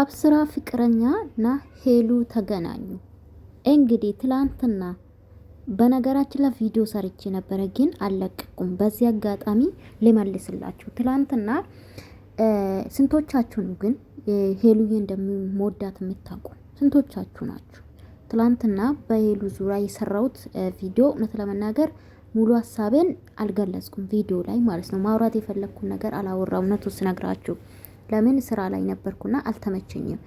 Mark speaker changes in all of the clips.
Speaker 1: አብስራ ፍቅረኛ እና ሄሉ ተገናኙ። እንግዲህ ትላንትና በነገራችን ላይ ቪዲዮ ሰርቼ ነበረ ግን አልለቀኩም። በዚህ አጋጣሚ ልመልስላችሁ። ትላንትና ስንቶቻችሁ ነው ግን ሄሉዬ እንደምወዳት የምታውቁ ስንቶቻችሁ ናችሁ? ትላንትና በሄሉ ዙሪያ የሰራሁት ቪዲዮ እውነት ለመናገር ሙሉ ሀሳቤን አልገለጽኩም። ቪዲዮ ላይ ማለት ነው ማውራት የፈለግኩን ነገር አላወራ እውነቱ ስነግራችሁ ለምን ስራ ላይ ነበርኩና አልተመቸኝም።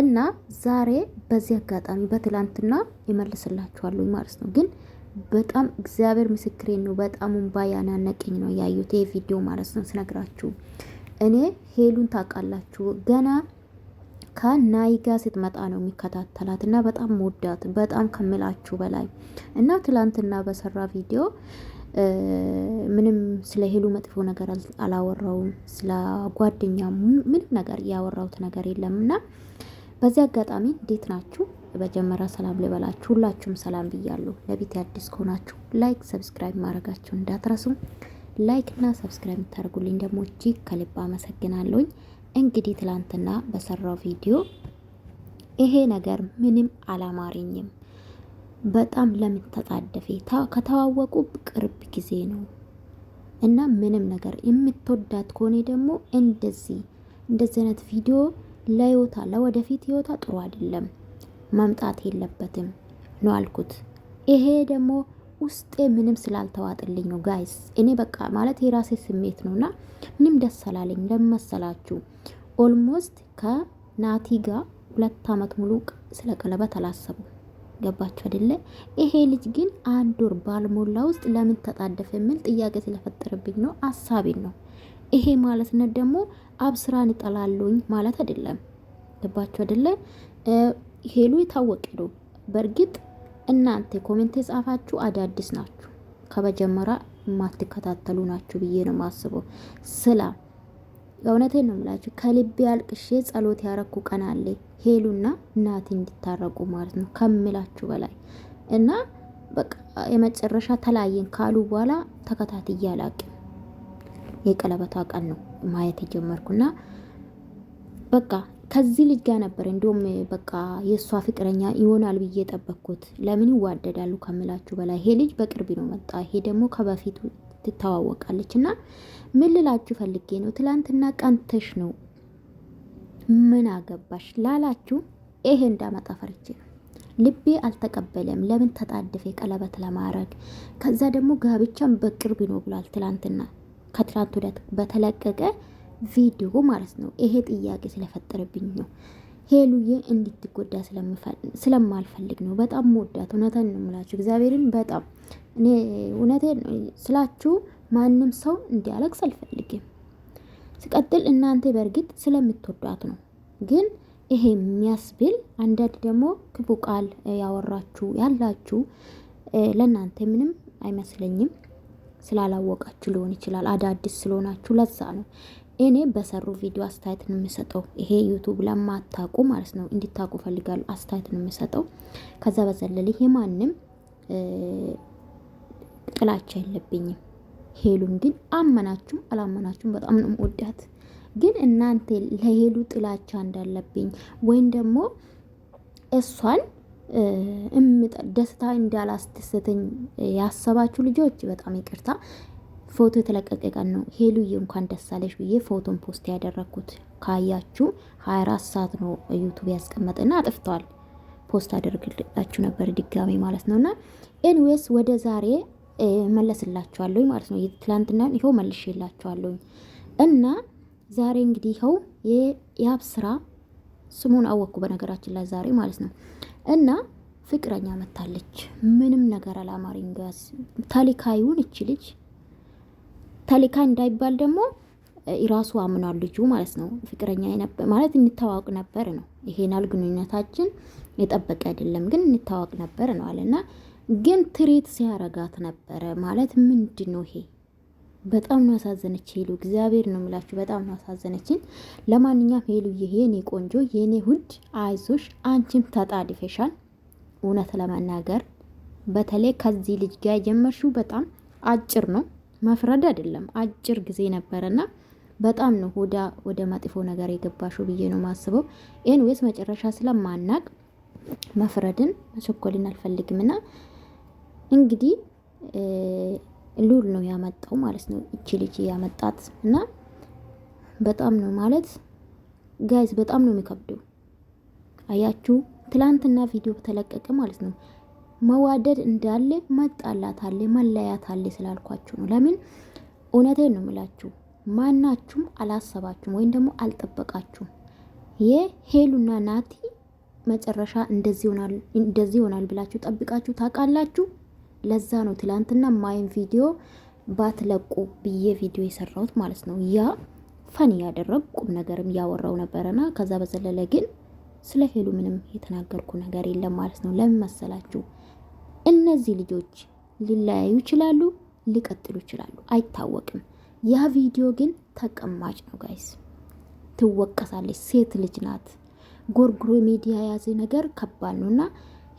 Speaker 1: እና ዛሬ በዚህ አጋጣሚ በትላንትና ይመልስላችኋለሁ ማለት ነው። ግን በጣም እግዚአብሔር ምስክሬ ነው። በጣም እንባ ያናነቀኝ ነው ያዩት ይሄ ቪዲዮ ማለት ነው ስነግራችሁ። እኔ ሄሉን ታውቃላችሁ ገና ከናይ ጋ ስትመጣ ነው የሚከታተላት እና በጣም መወዳት በጣም ከምላችሁ በላይ እና ትላንትና በሰራ ቪዲዮ ምንም ስለ ሄሉ መጥፎ ነገር አላወራውም ስለ ጓደኛ ምንም ነገር ያወራሁት ነገር የለም። እና በዚህ አጋጣሚ እንዴት ናችሁ? በመጀመሪያ ሰላም ልበላችሁ። ሁላችሁም ሰላም ብያለሁ። ለቤት አዲስ ከሆናችሁ ላይክ፣ ሰብስክራይብ ማድረጋችሁ እንዳትረሱ። ላይክ እና ሰብስክራይብ የምታደርጉልኝ ደግሞ እጅግ ከልብ አመሰግናለሁኝ። እንግዲህ ትላንትና በሰራው ቪዲዮ ይሄ ነገር ምንም አላማረኝም በጣም ለምን ተጣደፌ? ከተዋወቁ ቅርብ ጊዜ ነው እና ምንም ነገር የምትወዳት ከሆነ ደግሞ እንደዚህ እንደዚህ አይነት ቪዲዮ ለህይወቷ ለወደፊት ህይወቷ ጥሩ አይደለም፣ መምጣት የለበትም ነው አልኩት። ይሄ ደግሞ ውስጤ ምንም ስላልተዋጥልኝ ነው ጋይስ። እኔ በቃ ማለት የራሴ ስሜት ነው ነውና ምንም ደስ አላለኝ። ለመሰላችሁ ኦልሞስት ከናቲ ጋር ሁለት አመት ሙሉ ስለ ቀለበት አላሰቡም። ገባችሁ አይደለ? ይሄ ልጅ ግን አንድ ወር ባልሞላ ውስጥ ለምን ተጣደፈ የሚል ጥያቄ ስለፈጠረብኝ ነው አሳቢን ነው። ይሄ ማለት ነው ደግሞ አብስራን ይጠላሉኝ ማለት አይደለም። ገባችሁ አይደለ? ሄሉ የታወቀ ነው። በእርግጥ እናንተ ኮሜንት የጻፋችሁ አዳዲስ ናችሁ፣ ከመጀመሪያ የማትከታተሉ ናችሁ ብዬ ነው የማስበው ስላ እውነቴን ነው የምላችሁ ከልቤ አልቅሼ ጸሎት ያረኩ ቀን አለ ሄሉና ናቲ እንዲታረቁ ማለት ነው ከምላችሁ በላይ እና በቃ የመጨረሻ ተለያየን ካሉ በኋላ ተከታትዬ አላቅም። የቀለበቷ ቀን ነው ማየት የጀመርኩና በቃ ከዚህ ልጅ ጋር ነበር እንዲሁም በቃ የእሷ ፍቅረኛ ይሆናል ብዬ የጠበቅኩት። ለምን ይዋደዳሉ ከምላችሁ በላይ ይሄ ልጅ በቅርብ ነው መጣ። ይሄ ደግሞ ከበፊቱ ትተዋወቃለች። እና ምን ልላችሁ ፈልጌ ነው፣ ትላንትና ቀንተሽ ነው ምን አገባሽ ላላችሁ ይሄ እንዳመጣ ፈርቼ ነው። ልቤ አልተቀበለም። ለምን ተጣደፈ ቀለበት ለማድረግ ከዛ ደግሞ ጋብቻም በቅርብ ነው ብሏል። ትላንትና ከትላንት ወዲያ በተለቀቀ ቪዲዮ ማለት ነው። ይሄ ጥያቄ ስለፈጠረብኝ ነው። ሄሉዬ እንድትጎዳ ስለማልፈልግ ነው። በጣም መወዳት እውነቴን ነው የምላችሁ። እግዚአብሔርን በጣም እኔ እውነቴን ስላችሁ ማንም ሰው እንዲያለቅስ አልፈልግም። ስቀጥል እናንተ በእርግጥ ስለምትወዷት ነው፣ ግን ይሄ የሚያስብል አንዳንድ ደግሞ ክፉ ቃል ያወራችሁ ያላችሁ ለእናንተ ምንም አይመስለኝም። ስላላወቃችሁ ሊሆን ይችላል፣ አዳዲስ ስለሆናችሁ ለዛ ነው እኔ በሰሩ ቪዲዮ አስተያየት ነው የምሰጠው። ይሄ ዩቱብ ለማታቁ ማለት ነው እንዲታውቁ ፈልጋሉ። አስተያየት ነው የምሰጠው። ከዛ በዘለል ይሄ ማንም ጥላቻ የለብኝም። ሄሉን ግን አመናችሁም አላመናችሁም በጣም ነው የምወዳት። ግን እናንተ ለሄሉ ጥላቻ እንዳለብኝ ወይም ደግሞ እሷን ደስታ እንዳላስደሰተኝ ያሰባችሁ ልጆች በጣም ይቅርታ። ፎቶ የተለቀቀ ቀን ነው። ሄሉዬ እንኳን ደስ አለሽ ብዬ ፎቶን ፖስት ያደረግኩት ካያችሁ 24 ሰዓት ነው ዩቱብ ያስቀመጥና አጥፍተዋል። ፖስት አደርግላችሁ ነበር ድጋሜ ማለት ነው። እና ኤንዌስ ወደ ዛሬ መለስላችኋለሁ ማለት ነው። ትላንትና ይኸው መልሼላችኋለሁ እና ዛሬ እንግዲህ ይኸው የያብ ስራ ስሙን አወቅኩ በነገራችን ላይ ዛሬ ማለት ነው እና ፍቅረኛ መታለች። ምንም ነገር አላማሪንጋስ ታሊካዩን እቺ ልጅ ተልካ እንዳይባል ደግሞ ራሱ አምኗል ልጁ ማለት ነው። ፍቅረኛ ማለት እንታዋቅ ነበር ነው ይሄናል ግንኙነታችን የጠበቀ አይደለም ግን እንታዋቅ ነበር ነው አለና ግን ትሬት ሲያረጋት ነበረ ማለት ምንድን ነው ይሄ? በጣም ነው ያሳዘነች ሄሉ። እግዚአብሔር ነው የምላችሁ፣ በጣም ነው ያሳዘነችን። ለማንኛውም ሄሉ የኔ ቆንጆ የኔ ውድ አይዞሽ፣ አንቺም ተጣድፈሻል። እውነት ለመናገር በተለይ ከዚህ ልጅ ጋር የጀመርሽው በጣም አጭር ነው። መፍረድ አይደለም አጭር ጊዜ ነበረና በጣም ነው ሆዳ ወደ መጥፎ ነገር የገባሽው ብዬ ነው ማስበው። ይህን ወይስ መጨረሻ ስለማናቅ መፍረድን መቸኮልን አልፈልግምና እንግዲህ ሉል ነው ያመጣው ማለት ነው እቺ ልጅ ያመጣት እና በጣም ነው ማለት ጋይዝ በጣም ነው የሚከብደው። አያችሁ ትላንትና ቪዲዮ ተለቀቀ ማለት ነው። መዋደድ እንዳለ መጣላት አለ መለያት አለ ስላልኳችሁ ነው። ለምን እውነቴን ነው የምላችሁ፣ ማናችሁም አላሰባችሁም ወይም ደግሞ አልጠበቃችሁም። የሄሉና ናቲ መጨረሻ እንደዚህ ይሆናል ብላችሁ ጠብቃችሁ ታውቃላችሁ? ለዛ ነው ትላንትና ማይን ቪዲዮ ባትለቁ ብዬ ቪዲዮ የሰራሁት ማለት ነው። ያ ፈን ያደረግ ቁም ነገርም ያወራው ነበረና ከዛ በዘለለ ግን ስለ ሄሉ ምንም የተናገርኩ ነገር የለም ማለት ነው። ለምን መሰላችሁ? እነዚህ ልጆች ሊለያዩ ይችላሉ፣ ሊቀጥሉ ይችላሉ፣ አይታወቅም። ያ ቪዲዮ ግን ተቀማጭ ነው ጋይስ። ትወቀሳለች፣ ሴት ልጅ ናት። ጎርጉሮ ሚዲያ የያዘ ነገር ከባድ ነው እና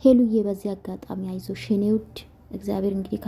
Speaker 1: ሄሉዬ በዚህ አጋጣሚ አይዞሽ የኔ ውድ እግዚአብሔር እንግዲህ